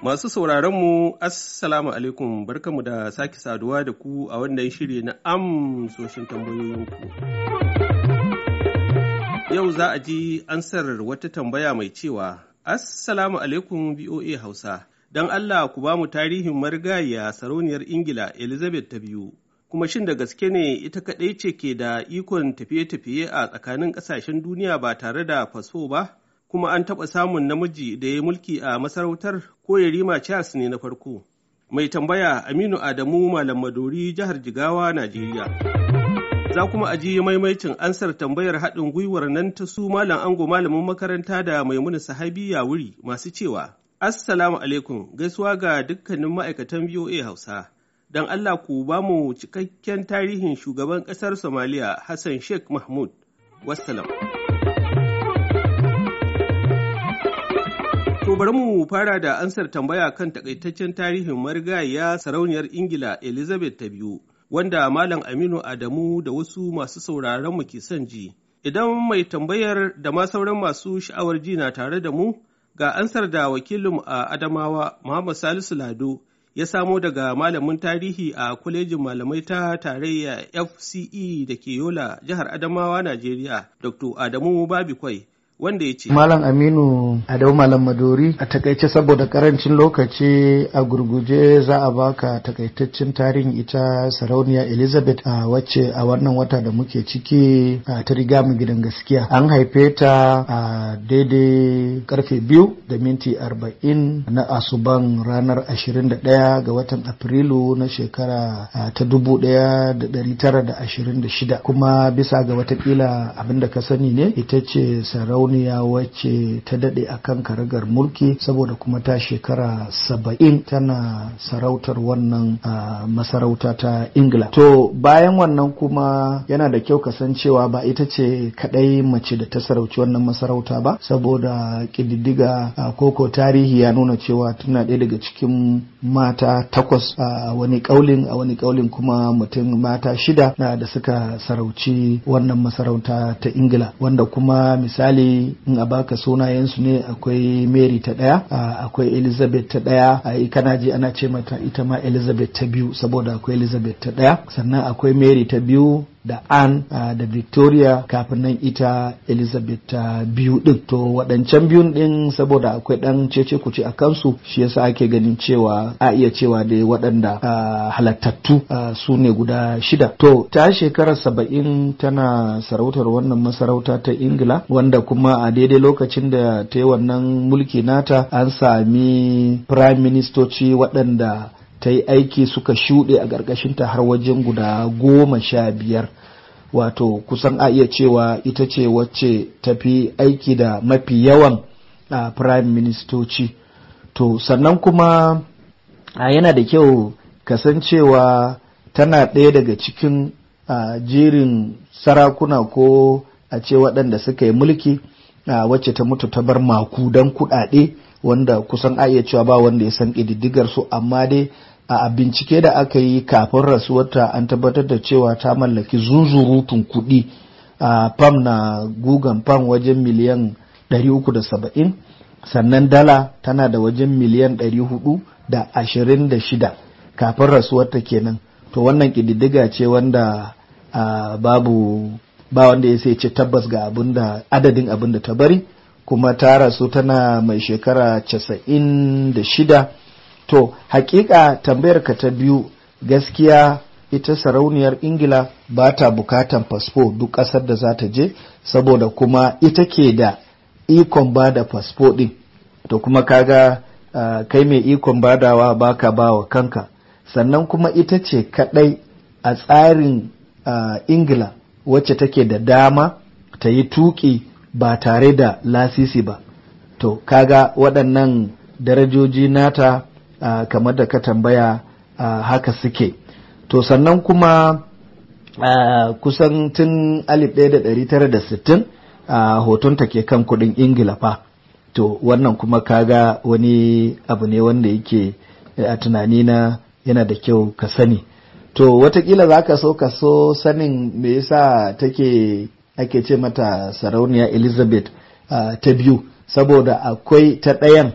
Masu sauraronmu, Assalamu alaikum barkamu da sake saduwa da ku a wannan shiri na amsoshin tambayoyinku. Yau za a ji ansar wata tambaya mai cewa, Assalamu alaikum BOA Hausa, don Allah ku ba mu tarihin marigayya sarauniyar Ingila Elizabeth ta biyu, kuma shin da gaske ne ita kaɗai ce ke da ikon tafiye-tafiye a tsakanin ƙasashen duniya ba tare da fasfo ba kuma an taɓa samun namiji da ya mulki a masarautar ko yarima charles ne na farko mai tambaya aminu adamu malam madori jihar jigawa najeriya za kuma aji maimaicin ansar tambayar haɗin gwiwar nan ta su malam ango malamin makaranta da maimuna Sahabiya wuri masu cewa assalamu alaikum gaisuwa ga dukkanin ma'aikatan voa hausa don Allah ku ba mu cikakken tarihin shugaban ƙasar Somaliya Hassan Sheikh Mahmud. Wassalam. To bari mu fara da ansar tambaya kan takaitaccen tarihin marigayya sarauniyar Ingila Elizabeth ta biyu, wanda Malam Aminu Adamu da wasu masu sauraron mu ke son ji. Idan mai tambayar da ma sauran masu sha'awar ji na tare da mu, ga ansar da wakilinmu a Adamawa Muhammad Salisu Lado ya samo daga malamin tarihi a kwalejin malamai ta tarayya FCE da ke Yola, jihar Adamawa, Najeriya, Dr. Adamu Babikwai. wanda ya ce malam aminu adau malam madori a takaice saboda karancin lokaci a gurguje za a baka takaitaccen tarihin ita sarauniya elizabeth a wacce a wannan wata da muke ciki a ta riga mu gidan gaskiya an haife ta a daidai karfe biyu da minti arba'in na asuban ranar ashirin ɗaya ga watan afrilu na shekara ta dubu da da da tara ashirin shida, kuma bisa ga watakila abinda ka sani ne ita ce sarauniya sarauniya wacce ta daɗe kan karagar mulki saboda kuma ta shekara saba'in tana sarautar wannan masarauta ta ingila to bayan wannan kuma yana da kyau cewa ba ita ce kadai mace da ta sarauci wannan masarauta ba saboda ƙididdiga koko tarihi ya nuna cewa tana ɗaya daga cikin mata takwas a wani kaulin a wani kaulin kuma mutum mata shida da suka sarauci wannan masarauta ta ingila wanda kuma misali in a baka sunayensu ne akwai mary ta ɗaya akwai elizabeth ta ɗaya a kana ji ana ce mata ita ma elizabeth ta biyu saboda akwai elizabeth ta ɗaya sannan akwai mary ta biyu da an uh, da Victoria kafin nan ita Elizabeth ta uh, biyu din to waɗancan biyun din saboda akwai ɗan cece kuce a kansu shi yasa ake ganin cewa a iya cewa da waɗanda uh, halattattu su ne guda shida to ta shekarar saba'in tana sarautar wannan masarauta ta Ingila wanda kuma a daidai lokacin da ta yi wannan mulki nata an sami prime ministoci waɗanda ta yi aiki suka shuɗe a ƙarƙashinta har wajen guda goma sha biyar wato kusan a iya cewa ita ce wacce tafi aiki da mafi yawan a prime ministoci to sannan kuma a yana da kyau kasancewa tana ɗaya daga cikin jerin sarakuna ko a ce waɗanda suka yi mulki wacce ta mutu ta bar makudan kuɗaɗe wanda kusan a iya cewa ba wanda ya san ƙididdigar su amma dai a bincike da aka yi kafin rasuwarta an tabbatar da cewa ta mallaki zuzurutun kuɗi a fam na gugan fam wajen miliyan 370 sannan dala tana da wajen miliyan 426 kafin rasuwarta kenan to wannan ƙididdiga ce wanda babu ba wanda ya sai ce tabbas ga abin adadin abin da ta bari kuma ta rasu tana mai shekara casa'in da shida to hakika tambayar ka ta biyu gaskiya ita sarauniyar ingila ba ta bukatan fasfo duk ƙasar da za ta je saboda kuma ita ke da ikon ba da fasfo ɗin to kuma kaga uh, kai mai ikon badawa ba ka ba wa kanka sannan kuma ita ce kaɗai a tsarin uh, ingila wacce take da dama ta yi tuki. ba tare da lasisi ba to kaga waɗannan darajoji nata uh, kamar da ka tambaya uh, haka suke to sannan kuma uh, kusan tun 1960 uh, ta ke kan kudin ingila fa to wannan kuma kaga wani abu ne wanda yake eh, a tunani na yana da kyau ka sani to watakila za ka so ka so sanin me yasa take ake ce mata sarauniya elizabeth uh, ta biyu saboda akwai ta ɗayan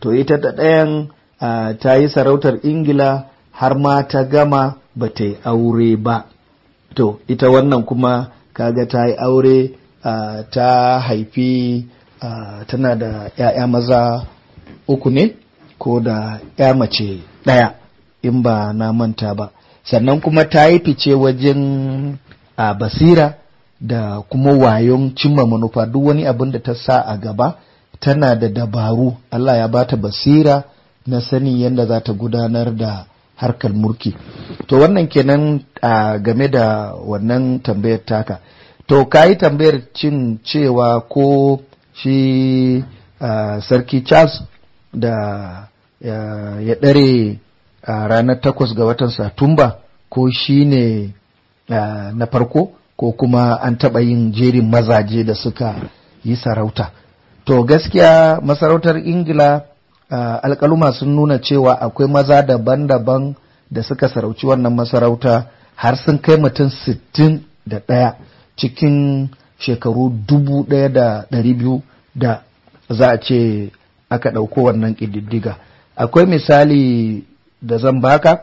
to ita ta ɗayan uh, ta yi sarautar ingila har ma ta gama ba ta yi aure ba to ita wannan kuma kaga ta yi aure uh, ta haifi tana da 'ya'ya maza uku ne ko da 'ya mace ɗaya in ba na manta ba sannan kuma ta yi fice wajen a basira da kuma wayon cimma manufa duk wani abin da ta sa a gaba tana da dabaru Allah ya bata basira na sani yadda za ta gudanar da harkar mulki to wannan kenan a game da wannan tambayar taka to ka yi tambayar cin cewa ko shi sarki charles da ya ɗare ranar takwas ga watan satumba ko shi ne na farko ko kuma an taɓa yin jerin mazaje da suka yi sarauta to gaskiya masarautar ingila uh, alkaluma sun nuna cewa akwai maza daban-daban da suka sarauci wannan masarauta har sun kai mutum sittin da ɗaya cikin shekaru dubu ɗaya da ɗari biyu da za a ce aka ɗauko wannan ƙididdiga akwai misali da zan baka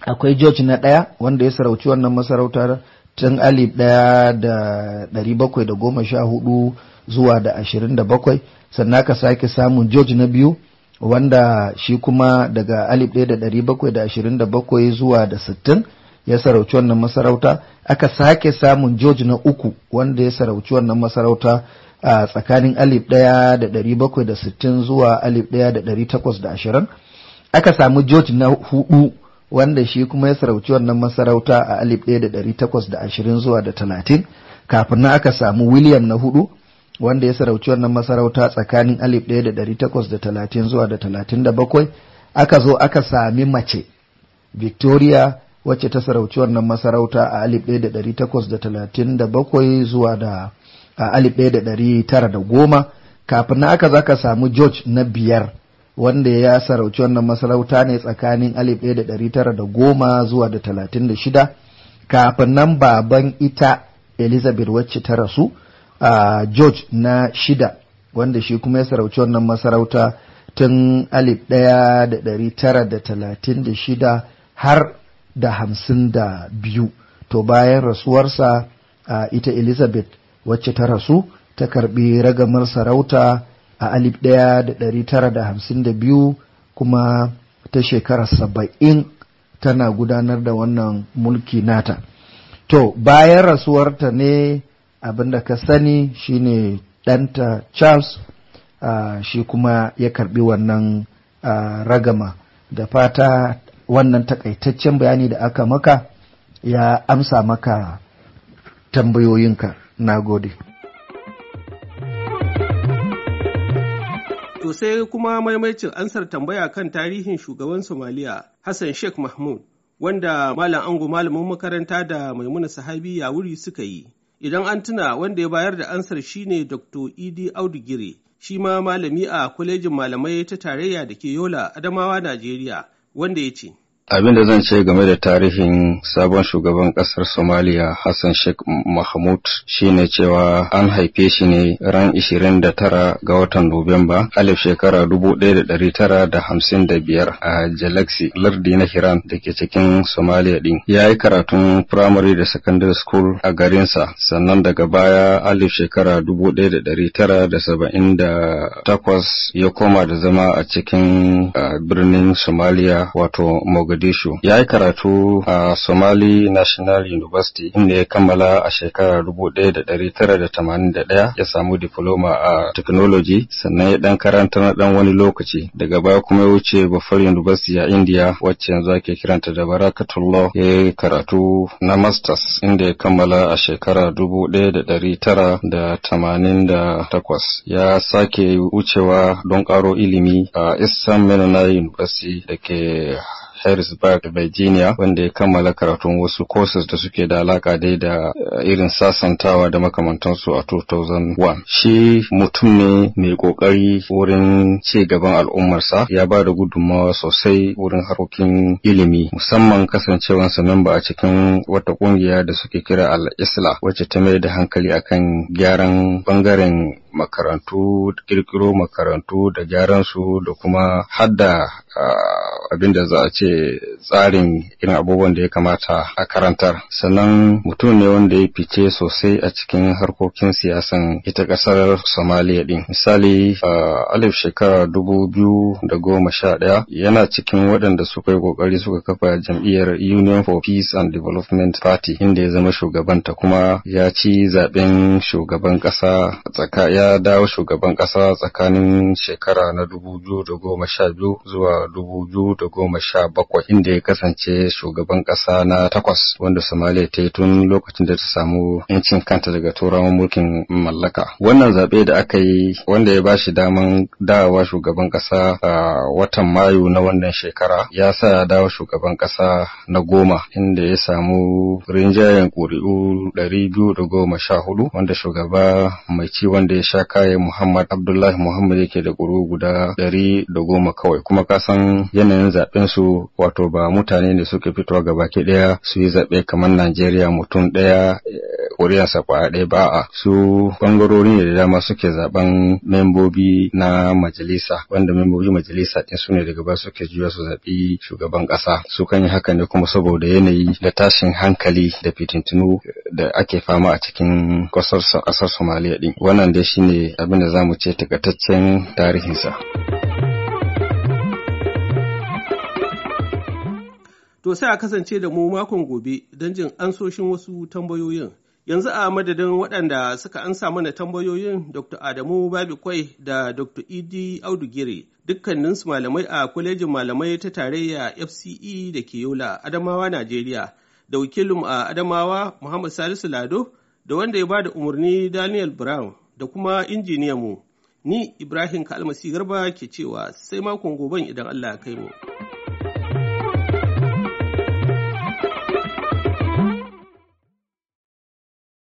akwai george na ɗaya wanda ya sarauci wannan masarautar tun alif ɗaya da ɗari bakwai da goma sha hudu zuwa da ashirin da bakwai sannan ka sake samun george na biyu wanda shi kuma daga alif ɗaya da ɗari bakwai da ashirin da bakwai zuwa da sittin ya sarauci wannan masarauta aka sake samun george na uku wanda ya sarauci wannan masarauta a tsakanin alif ɗaya da ɗari bakwai da sittin zuwa alif ɗaya da ɗari takwas da ashirin aka samu george na hudu wanda shi kuma ya sarauci wannan masarauta a alif ɗaya da ɗari takwas da ashirin zuwa da talatin kafin na aka samu william na hudu wanda ya sarauci wannan masarauta tsakanin alif ɗaya da ɗari takwas da talatin zuwa da talatin da bakwai aka zo aka sami mace victoria wacce ta sarauci wannan masarauta a alif ɗaya da ɗari takwas da talatin da bakwai zuwa da a alif ɗaya da ɗari tara da goma kafin na aka zaka samu george na biyar wanda ya sarauci wannan masarauta ne tsakanin alif ɗaya da da ɗari tara goma zuwa da talatin da shida. kafin nan baban ita elizabeth wacce ta rasu a george na shida wanda shi kuma ya sarauci wannan masarauta tun alif ɗaya da da da ɗari tara talatin shida har da hamsin da biyu to bayan rasuwarsa ita elizabeth wacce ta rasu ta karɓi ragamar sarauta a alif ɗaya da ɗari tara da hamsin da biyu kuma ta shekara saba'in tana gudanar da wannan mulki nata to bayan rasuwarta ne abinda ka sani shine ɗanta charles uh, shi kuma ya karbi wannan uh, ragama da fata wannan takaitaccen bayani da aka maka ya amsa maka tambayoyinka na gode To sai kuma maimaicin ansar tambaya kan tarihin shugaban Somaliya Hassan Sheikh Mahmud wanda Malam Ango malamin makaranta da Maimuna Sahabi ya wuri suka yi. Idan an tuna wanda ya bayar da ansar shine Dr. Idi Audu Gire, shi ma malami a kwalejin malamai ta tarayya da ke Yola, Adamawa, Najeriya, wanda ya ce. abin da zan ce game da tarihin sabon shugaban kasar somaliya hassan sheikh mahmud shine cewa an haife shi ne ran 29 ga watan nuwamba alif shekara 1955 a jalaxy lardi na hiran da ke cikin somaliya din ya yi karatun primary da secondary school a garinsa sannan daga baya alif shekara 1978 ya koma da zama a cikin birnin somaliya wato mogadishu Mogadishu ya yi karatu a Somali National University inda ya kammala a shekarar 1981 ya samu diploma a technology sannan ya dan karanta na dan wani lokaci daga baya kuma ya wuce Bafar University a India wacce yanzu ake kiranta da Barakatullah ya yi karatu na masters inda ya kammala a shekarar 1988 ya sake wucewa don karo ilimi a Eastern Mennonite University da ke Harrisburg, Virginia, wanda ya kammala karatun wasu courses da suke da alaka dai da eh, irin sasantawa da makamantansu a 2001. Shi mutum ne mai kokari wurin ci gaban al'ummarsa ya ba da gudummawa sosai wurin harkokin ilimi musamman kasancewansa memba a cikin wata kungiya da suke kira al-isla wacce ta mai da hankali akan gyaran bangaren makarantu kirkiro makarantu da gyaran su da kuma hadda ah, abin da za a ce tsarin irin abubuwan da ya kamata a karantar sannan mutum ne wanda ya fice sosai a cikin harkokin siyasan ita kasar somaliya din misali a alif shekara dubu biyu da goma sha ɗaya yana cikin waɗanda suka yi ƙoƙari suka kafa jam'iyyar union for peace and development party inda ya zama shugabanta kuma ya ci zaben shugaban ƙasa tsaka ya dawo shugaban ƙasa tsakanin shekara na dubu biyu da goma sha biyu zuwa dubu biyu da goma sha Bako inda ya kasance shugaban ƙasa na takwas wanda Somalia ta yi tun lokacin da ta samu 'yancin kanta daga turawan mulkin mallaka. Wannan zaɓe da aka yi wanda ya bashi daman dawa shugaban ƙasa a watan Mayu na wannan shekara ya sa ya dawo shugaban ƙasa na goma inda ya samu rinjayen ƙuri'u ɗari biyu da goma sha hudu wanda shugaba mai ci wanda ya sha kayan Muhammad Abdullahi Muhammad yake da ƙuri'u guda ɗari da goma kawai kuma kasan yanayin zaɓen su wato ba mutane ne suka fitowa ga baki ɗaya su yi zaɓe kamar Najeriya mutum ɗaya eh, ƙuri'arsa kwaya ɗaya ba a su ɓangarori ne da dama suke zaɓen membobi na majalisa wanda membobi majalisa ɗin su ne daga ba suke juya su zaɓi shugaban ƙasa su kan yi haka ne kuma saboda yanayi da tashin hankali da fitintinu eh, da ake fama a cikin ƙasar Somaliya din. wannan dai shine abin da za mu ce takaitaccen tarihinsa. To sai a kasance da mu makon gobe don jin ansoshin wasu tambayoyin. Yanzu a madadin waɗanda suka ansa mana tambayoyin Dr. Adamu Babikwai da Dr. Idi Audu dukkanin dukkaninsu malamai a kwalejin malamai ta tarayya FCE da ke Yola, Adamawa, Najeriya, da wakilin a Adamawa Muhammad Salisu Lado da wanda ya ba da umarni Daniel Brown da kuma injiniyanmu. Ni Ibrahim Kalmasi Garba ke cewa sai makon goben idan Allah ya kai mu.